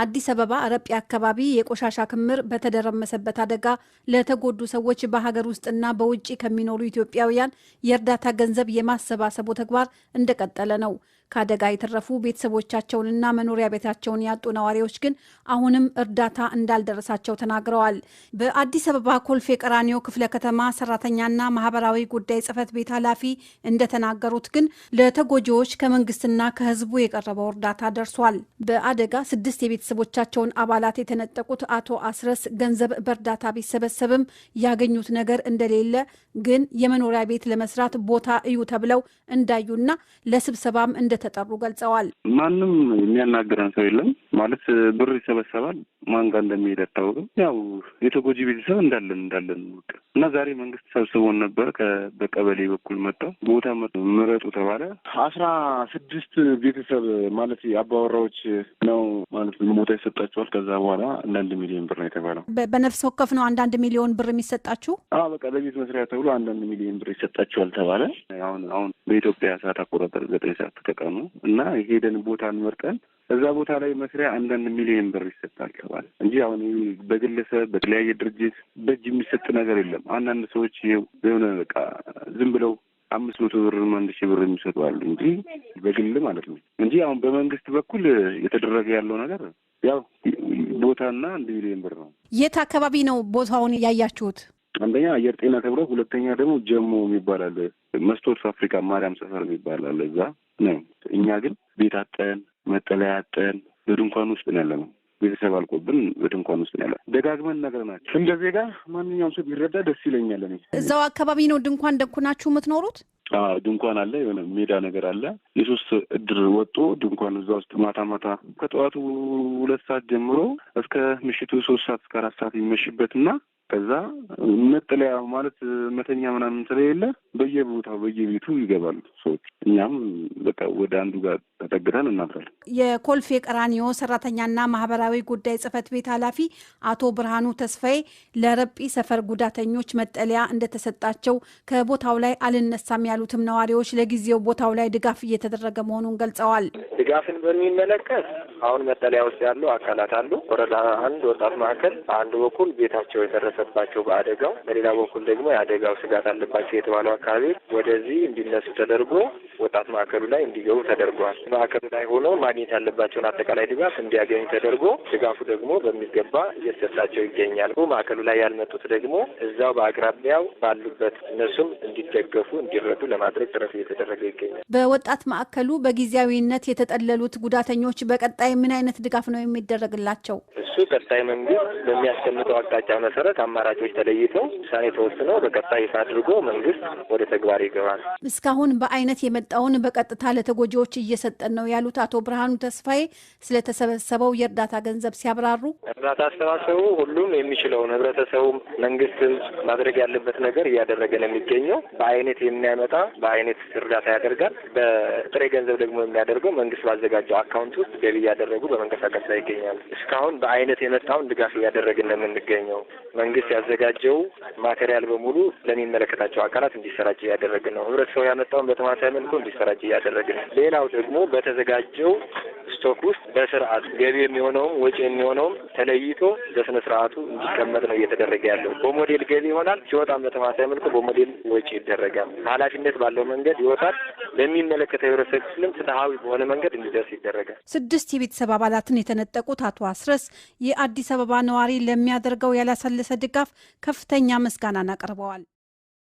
አዲስ አበባ አረጴ አካባቢ የቆሻሻ ክምር በተደረመሰበት አደጋ ለተጎዱ ሰዎች በሀገር ውስጥና በውጭ ከሚኖሩ ኢትዮጵያውያን የእርዳታ ገንዘብ የማሰባሰቡ ተግባር እንደቀጠለ ነው። ከአደጋ የተረፉ ቤተሰቦቻቸውንና መኖሪያ ቤታቸውን ያጡ ነዋሪዎች ግን አሁንም እርዳታ እንዳልደረሳቸው ተናግረዋል። በአዲስ አበባ ኮልፌ ቀራኒዮ ክፍለ ከተማ ሰራተኛና ማህበራዊ ጉዳይ ጽህፈት ቤት ኃላፊ እንደተናገሩት ግን ለተጎጂዎች ከመንግስትና ከህዝቡ የቀረበው እርዳታ ደርሷል። በአደጋ ስድስት የቤተሰቦቻቸውን አባላት የተነጠቁት አቶ አስረስ ገንዘብ በእርዳታ ቢሰበሰብም ያገኙት ነገር እንደሌለ ግን የመኖሪያ ቤት ለመስራት ቦታ እዩ ተብለው እንዳዩና ለስብሰባም እንደ እንደተጠሩ ገልጸዋል። ማንም የሚያናግረን ሰው የለም ማለት ብር ይሰበሰባል። ማን ጋር እንደሚሄድ አይታወቅም። ያው የተጎጂ ቤተሰብ እንዳለን እንዳለን እና ዛሬ መንግስት ሰብስቦን ነበር። በቀበሌ በኩል መጣው ቦታ ምረጡ ተባለ። አስራ ስድስት ቤተሰብ ማለት አባወራዎች ነው ማለት ቦታ ይሰጣቸዋል። ከዛ በኋላ አንዳንድ ሚሊዮን ብር ነው የተባለው። በነፍስ ወከፍ ነው አንዳንድ ሚሊዮን ብር የሚሰጣችሁ? አዎ በቃ ለቤት መስሪያ ተብሎ አንዳንድ ሚሊዮን ብር ይሰጣቸዋል ተባለ። አሁን አሁን በኢትዮጵያ ሰዓት አቆጣጠር ዘጠኝ ሰዓት ከቀ ተጠቀሙ እና ሄደን ቦታን መርጠን እዛ ቦታ ላይ መስሪያ አንዳንድ ሚሊዮን ብር ይሰጣል ተባለ እንጂ አሁን በግለሰብ በተለያየ ድርጅት በእጅ የሚሰጥ ነገር የለም። አንዳንድ ሰዎች የሆነ በቃ ዝም ብለው አምስት መቶ ብር አንድ ሺህ ብር የሚሰጡ አሉ እንጂ በግል ማለት ነው እንጂ አሁን በመንግስት በኩል የተደረገ ያለው ነገር ያው ቦታና አንድ ሚሊዮን ብር ነው። የት አካባቢ ነው ቦታውን ያያችሁት? አንደኛ አየር ጤና ተብሎ፣ ሁለተኛ ደግሞ ጀሞ የሚባል አለ መስቶት ፋብሪካ ማርያም ሰፈር የሚባል አለ እዛ ነው እኛ ግን ቤት አጠን፣ መጠለያ አጠን፣ በድንኳን ውስጥ ነው ያለነው። ቤተሰብ አልቆብን በድንኳን ውስጥ ነው ያለ። ደጋግመን ነገር ናቸው። እንደ ዜጋ ማንኛውም ሰው ቢረዳ ደስ ይለኛል። እኔ እዛው አካባቢ ነው ድንኳን ደኩናችሁ የምትኖሩት? ድንኳን አለ፣ የሆነ ሜዳ ነገር አለ። የሶስት እድር ወጦ ድንኳን እዛ ውስጥ ማታ ማታ ከጠዋቱ ሁለት ሰዓት ጀምሮ እስከ ምሽቱ ሶስት ሰዓት እስከ አራት ሰዓት የሚመሽበት እና ከዛ መጠለያ ማለት መተኛ ምናምን ስለሌለ በየቦታው በየቤቱ ይገባሉ ሰዎች። እኛም በቃ ወደ አንዱ ጋር ተጠግተን እናድራለን። የኮልፌ ቀራኒዮ ሰራተኛና ማህበራዊ ጉዳይ ጽህፈት ቤት ኃላፊ አቶ ብርሃኑ ተስፋዬ ለረጲ ሰፈር ጉዳተኞች መጠለያ እንደተሰጣቸው ከቦታው ላይ አልነሳም ያሉትም ነዋሪዎች ለጊዜው ቦታው ላይ ድጋፍ እየተደረገ መሆኑን ገልጸዋል። ድጋፍን በሚመለከት አሁን መጠለያ ውስጥ ያሉ አካላት አሉ። ወረዳ አንድ ወጣት ማዕከል በአንድ በኩል ቤታቸው የደረሰባቸው በአደጋው፣ በሌላ በኩል ደግሞ የአደጋው ስጋት አለባቸው የተባለው አካባቢ ወደዚህ እንዲነሱ ተደርጎ ወጣት ማዕከሉ ላይ እንዲገቡ ተደርጓል። ማዕከሉ ላይ ሆኖ ማግኘት ያለባቸውን አጠቃላይ ድጋፍ እንዲያገኝ ተደርጎ ድጋፉ ደግሞ በሚገባ እየተሰጣቸው ይገኛል። ማዕከሉ ላይ ያልመጡት ደግሞ እዛው በአቅራቢያው ባሉበት እነሱም እንዲደገፉ እንዲረዱ ለማድረግ ጥረት እየተደረገ ይገኛል። በወጣት ማዕከሉ በጊዜያዊነት የተጠለሉት ጉዳተኞች በቀጣይ ምን አይነት ድጋፍ ነው የሚደረግላቸው? ቀጣይ መንግስት በሚያስቀምጠው አቅጣጫ መሰረት አማራጮች ተለይተው ውሳኔ ተወስኖ በቀጣይ ይፋ አድርጎ መንግስት ወደ ተግባር ይገባል። እስካሁን በአይነት የመጣውን በቀጥታ ለተጎጂዎች እየሰጠን ነው ያሉት አቶ ብርሃኑ ተስፋዬ ስለተሰበሰበው የእርዳታ ገንዘብ ሲያብራሩ እርዳታ አሰባሰቡ ሁሉም የሚችለውን ህብረተሰቡም መንግስትም ማድረግ ያለበት ነገር እያደረገ ነው የሚገኘው። በአይነት የሚያመጣ በአይነት እርዳታ ያደርጋል። በጥሬ ገንዘብ ደግሞ የሚያደርገው መንግስት ባዘጋጀው አካውንት ውስጥ ገቢ እያደረጉ በመንቀሳቀስ ላይ ይገኛሉ። እስካሁን በአይ አይነት የመጣውን ድጋፍ እያደረግን ነው የምንገኘው። መንግስት ያዘጋጀው ማቴሪያል በሙሉ ለሚመለከታቸው አካላት እንዲሰራጭ እያደረግን ነው። ህብረተሰቡ ያመጣውን በተማሳይ መልኩ እንዲሰራጭ እያደረግን ነው። ሌላው ደግሞ በተዘጋጀው ስቶክ ውስጥ በስርዓት ገቢ የሚሆነውም ወጪ የሚሆነውም ተለይቶ በስነ ስርዓቱ እንዲቀመጥ ነው እየተደረገ ያለው። በሞዴል ገቢ ይሆናል፣ ሲወጣም በተማሳይ መልኩ በሞዴል ወጪ ይደረጋል። ኃላፊነት ባለው መንገድ ይወጣል። ለሚመለከተው ህብረተሰብ ክፍልም ፍትሀዊ በሆነ መንገድ እንዲደርስ ይደረጋል። ስድስት የቤተሰብ አባላትን የተነጠቁት አቶ አስረስ የአዲስ አበባ ነዋሪ ለሚያደርገው ያላሰለሰ ድጋፍ ከፍተኛ ምስጋናን አቅርበዋል።